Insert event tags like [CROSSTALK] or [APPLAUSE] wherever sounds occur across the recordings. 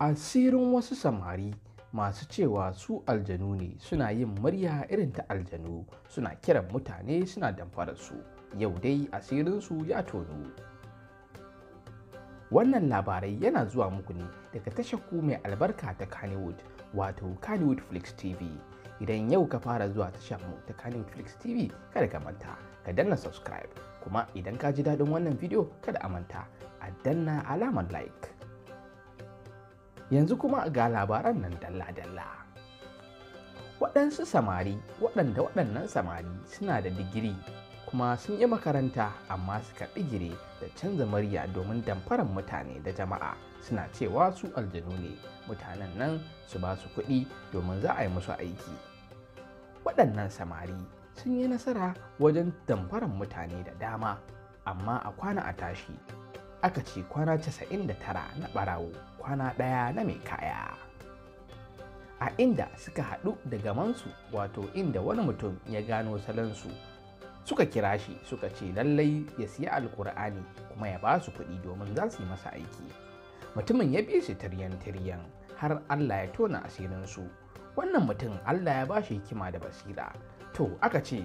asirin wasu samari masu cewa su aljanu ne suna yin murya irin ta aljanu suna kiran mutane suna damfararsu yau dai asirinsu ya tono wannan labarai yana zuwa muku ne daga tashar ku mai albarka ta kannywood wato kannywood flix tv idan yau ka fara zuwa tashar mu ta kannywood flix tv kada ka manta ka danna subscribe kuma idan ka ji daɗin wannan bidiyo kada a manta a danna alamar like yanzu kuma ga labaran nan dalla-dalla waɗansu samari waɗanda waɗannan samari suna da digiri kuma sun yi makaranta amma suka gire da canza murya domin damfaran mutane da jama'a suna cewa su aljanu ne mutanen nan su ba su kuɗi domin za a yi musu aiki waɗannan samari sun yi nasara wajen damfaran mutane da dama amma a kwana a tashi aka ce kwana 99 na ɓarawo kwana ɗaya na mai kaya a inda suka haɗu da gamansu wato inda wani mutum ya gano salansu suka kira shi suka ce lallai ya siya alkur'ani kuma ya ba su kuɗi domin za su yi masa aiki mutumin ya bi su tiryan tiryan har allah ya tona asirinsu wannan mutum allah ya ba shi hikima da basira to aka ce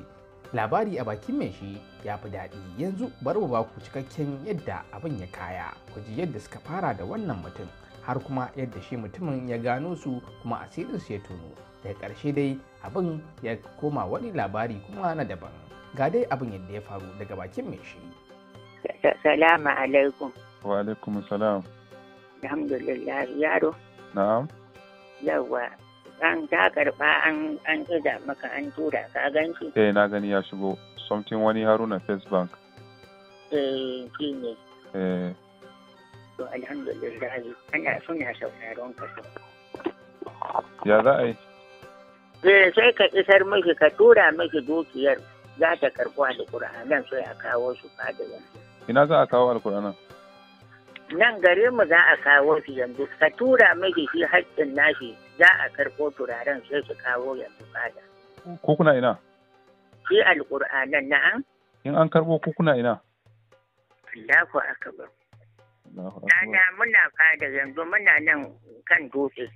labari a bakin mai shi ya fi daɗi yanzu bari mu ba ku cikakken yadda abin ya kaya ku ji yadda suka fara da wannan mutum har kuma yadda shi mutumin ya gano su kuma asirinsu ya tono daga ƙarshe dai abin ya koma wani labari kuma na daban ga dai abin yadda ya faru daga bakin mai shi salamu alaikum wa alaikum salam alhamdulillah yaro na'am yawa an ta karba an an tsada maka an tura ka gan shi eh na gani ya shigo something wani haruna face bank eh shi ne eh to alhamdulillah ana son ya sauraron ka ya za a yi sai ka isar miki ka tura miki dukiyar za ta karɓo alƙur'anan sai a kawo su fada yanzu ina za a kawo alƙur'anan nan gare mu za a kawo su yanzu ka tura miki shi haƙƙin nashi za a karɓo turaren sai su kawo yanzu fada ko kuna ina shi alƙur'anan na'am in an karɓo ko ina? ina Allahu akbar na, muna fada yanzu muna nan kan dutse.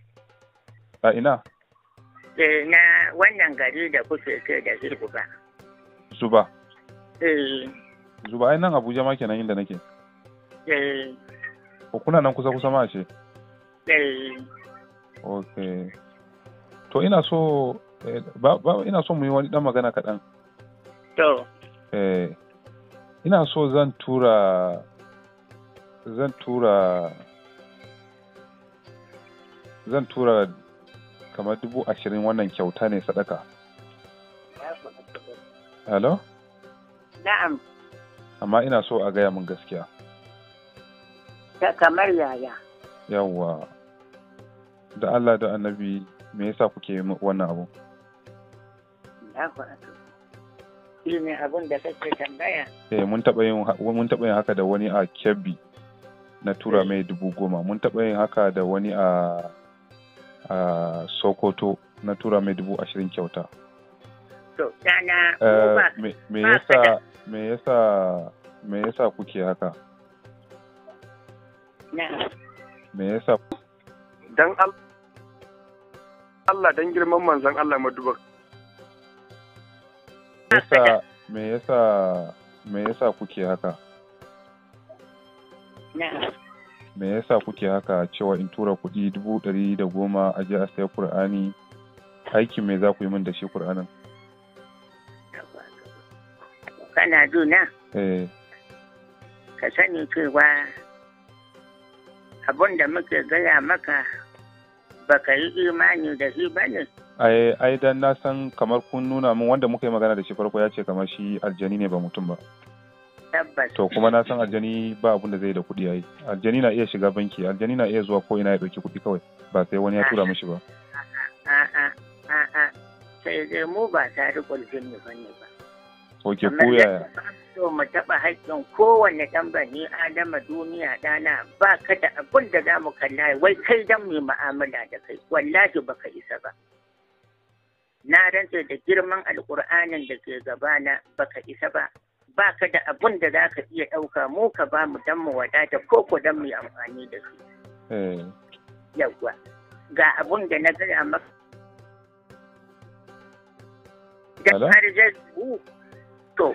A ina? Eh na wannan gari da kuke ke da Zuba. Zuba. Eh. Zuba ai nan Abuja ma kenan inda nake. Eh. Ko kuna nan kusa kusa ma ce? Eh. Okay. To ina so eh, ba, ba ina so mu yi wani dan magana kaɗan. To. Eh. Ina so zan tura zan tura zan tura kamar dubu ashirin wannan kyauta ne sadaka Hello? Na'am. Amma ina so a gaya min gaskiya. Ta kamar yaya. Yawwa. Da Allah da annabi me yasa kuke yi wannan abu? Ina abun Shi ne abin da kake tambaya? Eh mun taɓa yin haka da wani a Kebbi na tura eh. mai dubu goma mun taɓa yin haka da wani a sokoto na tura mai dubu ashirin kyauta eh, me yasa me kuke haka me yasa dan Allah dan girman manzon Allah maduba me yasa me yasa kuke haka me yasa kuke haka cewa in tura kuɗi dubu ɗari da goma a je a saya ƙur'ani aiki me za ku yi min da shi ƙur'anin kana juna eh. ka sani cewa abun da muke gaya maka baka yi imani da shi ba ne ai ai dan na san kamar kun nuna min wanda muka yi magana da shi farko ya ce kamar shi aljani ne ba mutum ba tabbas to kuma na san aljani ba abun da zai da kuɗi yayi aljani na iya shiga banki aljani na iya zuwa ko ina ya ɗauki kuɗi kawai ba sai wani ya tura mishi ba a'a a'a sai dai mu ba ta riƙon jinni bane ba Oke ko yaya? to mu taɓa haƙƙin kowanne ɗan bani Adama duniya ɗana ba ka da abin da za mu kalla wai kai dan mu mu'amala da kai wallahi ba ka isa ba. Na rantse da girman alƙur'anin da ke gabana ba ka isa ba ba ka da abun da za ka iya ɗauka mu ka ba mu dan mu wadata ko ku dan mu amfani da su. Hmm. Yawwa ga abun da na gaya maka. Idan har zai yiwu to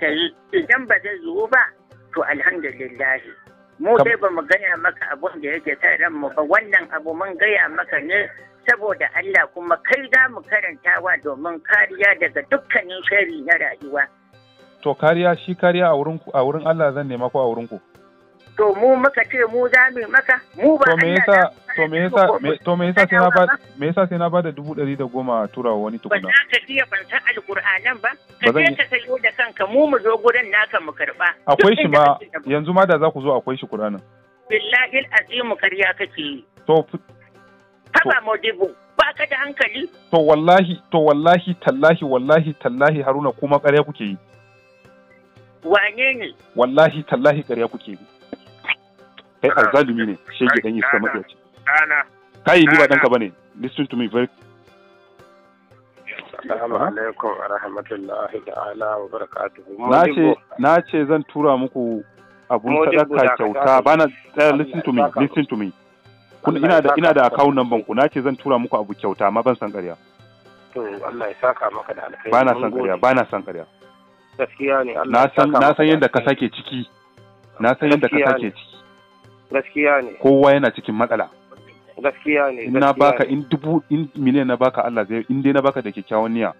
ka yi idan ba zai yiwu ba to alhamdulillahi. Mu dai ba mu gaya maka abun da yake sa ran mu ba wannan abu mun gaya maka ne saboda Allah kuma kai za mu karantawa domin kariya daga dukkanin shari na rayuwa. to kariya shi kariya a wurin Allah zan nema ko a wurin ku to mu muka ce mu za mu maka mu ba me yasa to me yasa to me yasa sai na ba me yasa sai na ba da dubu ɗari da goma tura wa wani tukuna ba za ka iya ban san alƙur'anan ba ka je ka sayo da kanka mu mu zo gurin naka mu karba akwai shi ma yanzu ma da za ku zo akwai shi Qur'anin billahi azimu kariya kake yi to haba modibo ba ka da hankali to wallahi to wallahi tallahi wallahi tallahi haruna kuma ƙarya kuke yi wane ne wallahi tallahi ƙarya kuke bi kai azzalumi ne shege dan iska maƙiyaci kai ni ba ka bane listen to me very Assalamu alaikum wa rahmatullahi ta'ala wa barakatuhu. Na ce zan tura muku abun sadaka kyauta bana tsaya eh, listen to me listen to me. Kun ina da ina da account number ku na ce zan tura muku abu kyauta ma ban san ƙarya. To Allah ya saka maka da alkhairi. Bana san ƙarya bana san ƙarya. gaskiya ne Allah na san yadda ka sake ciki na san yadda ka sake ciki gaskiya ne kowa yana cikin matsala gaskiya ne in na baka in dubu in miliyan na baka Allah zai in dai na baka da kyakkyawan niyya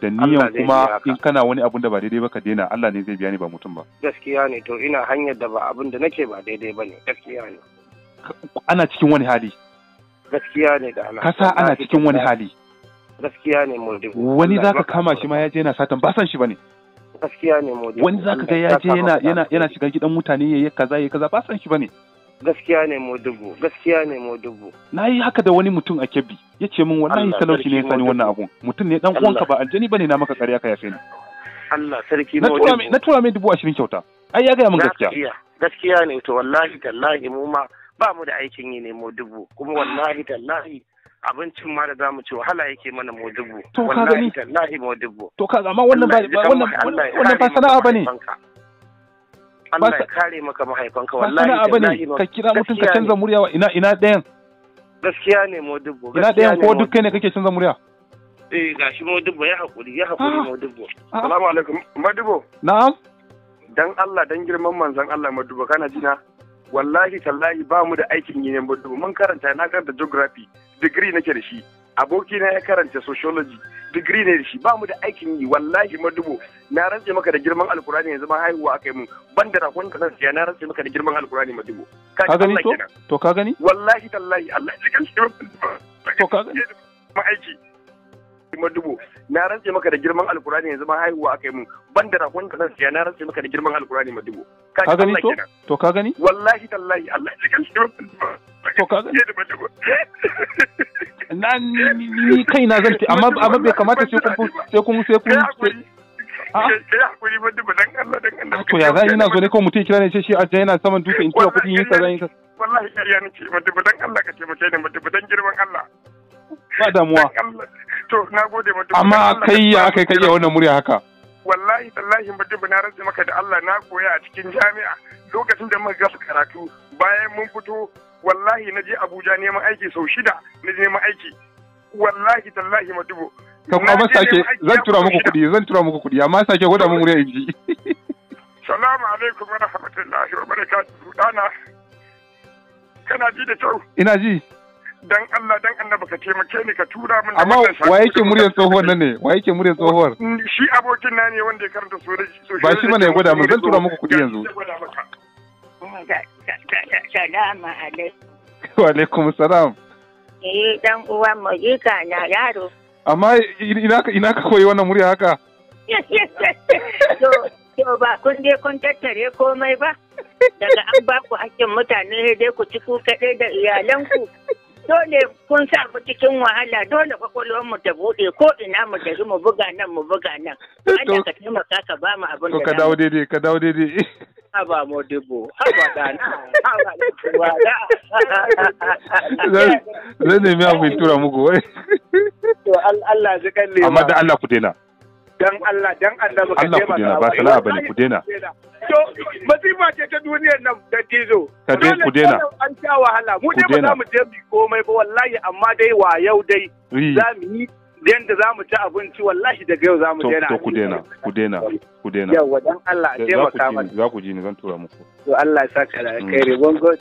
da niyyan kuma in kana wani abun da ba daidai ba ka daina Allah ne zai biya ni ba mutum ba gaskiya ne to ina hanyar da ba abun da nake ba daidai ba ne gaskiya ne ana cikin wani hali gaskiya ne da Allah kasa ana cikin wani hali gaskiya ne mu wani zaka kama shi ma ya je yana satan ba san shi bane gaskiya ne modi wani zaka ga ya je yana yana yana shiga gidan mutane yayi kaza yayi kaza ba san shi bane gaskiya ne modibo gaskiya ne modibo na yi haka da wani mutum a kebbi ya ce min wallahi talauci ne ya sani wannan abun mutum ne dan uwanka ba aljani bane na maka kare ka yafe ni Allah sarki na tura na tura mai dubu ashirin kyauta ai ya gaya min gaskiya gaskiya ne to wallahi tallahi mu ma ba mu da aikin yi ne modibo kuma wallahi tallahi abincin ma da za mu ci wahala yake mana modibo to ka gani wallahi modibo to ka amma wannan ba wannan wannan ba sana'a bane Allah ya kare maka mahaifanka wallahi sana'a bane ka kira mutum ka canza murya wa ina ina ɗayan gaskiya ne modibo ina ɗayan ko duk kai ne kake canza murya eh gashi modibo ya hakuri ya hakuri ah. modibo assalamu ah. alaikum modibo na'am dan Allah dan girman manzon Allah modibo kana jina wallahi tallahi ba mu da aikin yi yamma mun karanta na karanta geography degree nake da shi aboki na ya karanta sociology degree ne da shi ba mu da aikin yi wallahi madubo na rantse maka da girman alkurani yanzu ma haihuwa akai mun ban da rakon ka ya na rantse maka da girman alkurani madubo ka gani to to ka gani wallahi tallahi Allah ya kanta to ka gani aiki kimar dubu na rantse maka da girman alkurani yanzu ma haihuwa aka yi mun ban da rakon da siya na rantse maka da girman alkurani ma dubu ka gani to to ka gani wallahi tallahi Allah ya kan shi to ka gani [LAUGHS] na ni kai na zan amma amma bai kamata sai kun sai kun sai kun ah? To ya zai ina zo ne kawai mutum kira ne ce shi ajiya yana saman dutse in tura kuɗi yin sa zan yi sa. Wallahi ƙarya nake matubudan Allah ka ce taimake ni matubudan girman Allah. Ba damuwa. to na gode ma duk. amma kai ya kai kai wannan murya haka wallahi tallahi mutum na rantsa maka da Allah na koya a cikin jami'a lokacin da muka gasa karatu bayan mun fito wallahi na je Abuja neman aiki sau shida na je neman aiki wallahi tallahi madubo ka kuma sake zan tura muku kuɗi zan tura muku kuɗi amma sake gwada mun murya inji salamu alaikum wa rahmatullahi wa barakatuhu dana kana ji da kyau ina ji dan Allah dan annabi ka taimake ni ka tura min amma wa yake muryar tsohuwar nan ne wa yake muryar tsohuwar shi abokin na ne wanda ya karanta sojoji ba shi mana ya gwada min zan tura muku kuɗi yanzu salamu alaikum [LAUGHS] wa alaikum salam eh dan uwa mu jika na yaro amma ina ka ina ka koyi wannan murya haka [LAUGHS] to to ba kun dai kun tattare komai ba daga an ba ku hakkin mutane dai ku ci ku kaɗai da iyalanku dole kun sa cikin wahala dole kwakwalwar mu ta bude ko ina mu tafi mu buga nan mu buga nan eh, Allah ka taimaka ka ba mu abin da ka dawo daidai ka dawo daidai [LAUGHS] haba mu dubu haba dana haba da kuwa zan nemi abin tura muku wai to Allah zai kalle amma da Allah ku daina dan Allah dan annabi ka Allah ku dena ba sala bane ku dena to masifa ce ta duniyar nan da tizo ka dai ku dena an ta wahala mu dai ba za mu je mu komai ba wallahi amma dai wa yau dai za mu yi yanda za mu ci abinci wallahi daga yau za mu dena to ku dena ku dena ku dena yawa dan Allah a taimaka mana za ku ji ni zan tura muku to Allah ya saka da kai rebon mm. god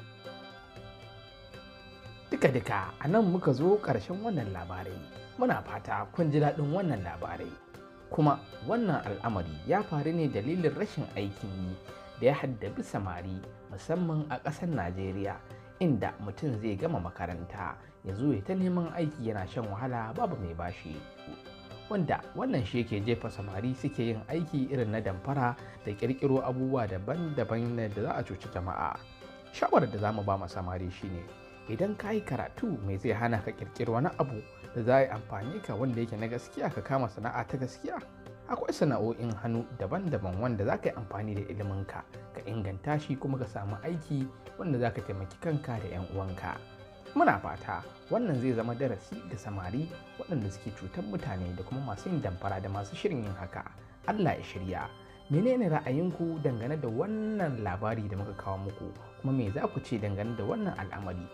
duka-duka a nan muka zo ƙarshen wannan labarai muna fata kun ji daɗin wannan labarai kuma wannan al'amari ya faru ne dalilin rashin aikin yi da ya haddabi samari musamman a ƙasar najeriya inda mutum zai gama makaranta ya zo ya ta neman aiki yana shan wahala babu mai bashi wanda wannan shi ke jefa samari suke yin aiki irin na damfara da ƙirƙiro abubuwa daban-daban da za a cuci jama'a shawarar da za mu ba samari shine idan ka yi karatu mai zai hana ka kirkiri wani abu da za yi amfani ka wanda yake na gaskiya ka kama sana'a ta gaskiya akwai sana'o'in hannu daban-daban wanda za ka yi amfani da iliminka ka inganta shi kuma ka samu aiki wanda za ka taimaki kanka da 'yan uwanka muna fata wannan zai zama darasi ga samari waɗanda suke cutar mutane da kuma masu yin damfara da masu shirin yin haka allah ya shirya menene ra'ayinku dangane da wannan labari da muka kawo muku kuma me za ku ce dangane da wannan al'amari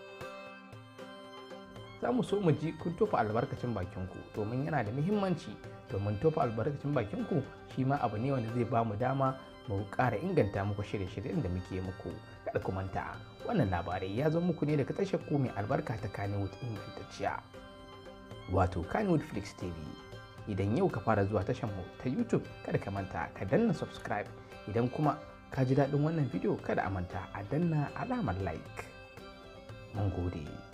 za mu so mu ji kun tofa albarkacin bakinku domin yana da muhimmanci domin tofa albarkacin bakinku shi ma abu ne wanda zai ba mu dama mu ƙara inganta muku shirye-shiryen da muke muku kada ku manta wannan labarai ya zo muku ne daga tashar ku mai albarka ta kanewood ingantacciya wato kanewood flix tv idan yau ka fara zuwa tashar mu ta youtube kada ka manta ka danna subscribe idan kuma ka ji daɗin wannan bidiyo kada a manta a danna alamar like mun gode